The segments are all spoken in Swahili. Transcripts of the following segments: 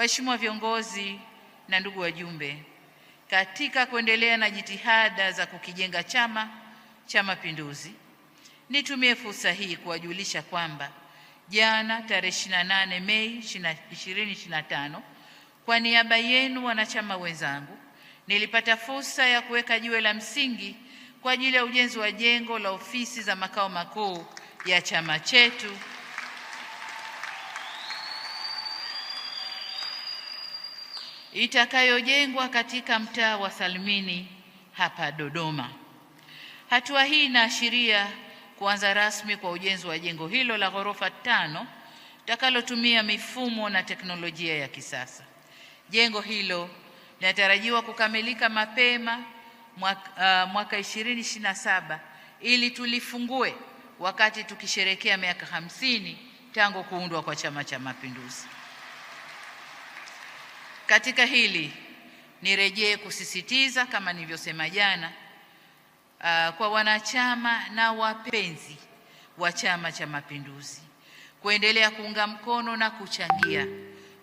Waheshimiwa viongozi na ndugu wajumbe, katika kuendelea na jitihada za kukijenga Chama cha Mapinduzi, nitumie fursa hii kuwajulisha kwamba jana tarehe 28 Mei 2025 kwa niaba yenu wanachama wenzangu, nilipata fursa ya kuweka jiwe la msingi kwa ajili ya ujenzi wa jengo la ofisi za makao makuu ya chama chetu itakayojengwa katika mtaa wa Salimini hapa Dodoma. Hatua hii inaashiria kuanza rasmi kwa ujenzi wa jengo hilo la ghorofa tano takalotumia mifumo na teknolojia ya kisasa. Jengo hilo linatarajiwa kukamilika mapema mwaka, uh, mwaka 2027 ili tulifungue wakati tukisherekea miaka hamsini tangu kuundwa kwa Chama cha Mapinduzi. Katika hili nirejee kusisitiza kama nilivyosema jana, uh, kwa wanachama na wapenzi wa Chama cha Mapinduzi kuendelea kuunga mkono na kuchangia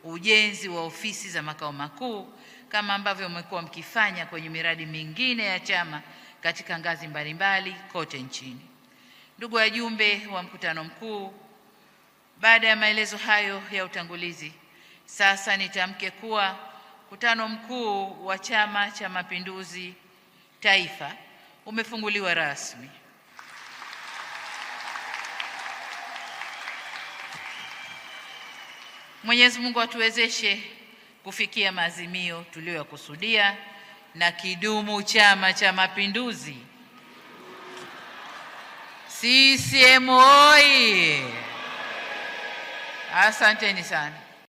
ujenzi wa ofisi za makao makuu kama ambavyo mmekuwa mkifanya kwenye miradi mingine ya chama katika ngazi mbalimbali kote nchini. Ndugu wajumbe wa mkutano mkuu, baada ya maelezo hayo ya utangulizi sasa nitamke kuwa mkutano mkuu wa Chama cha Mapinduzi Taifa umefunguliwa rasmi. Mwenyezi Mungu atuwezeshe kufikia maazimio tuliyokusudia, na kidumu Chama cha Mapinduzi. CCM oyee! Asanteni sana.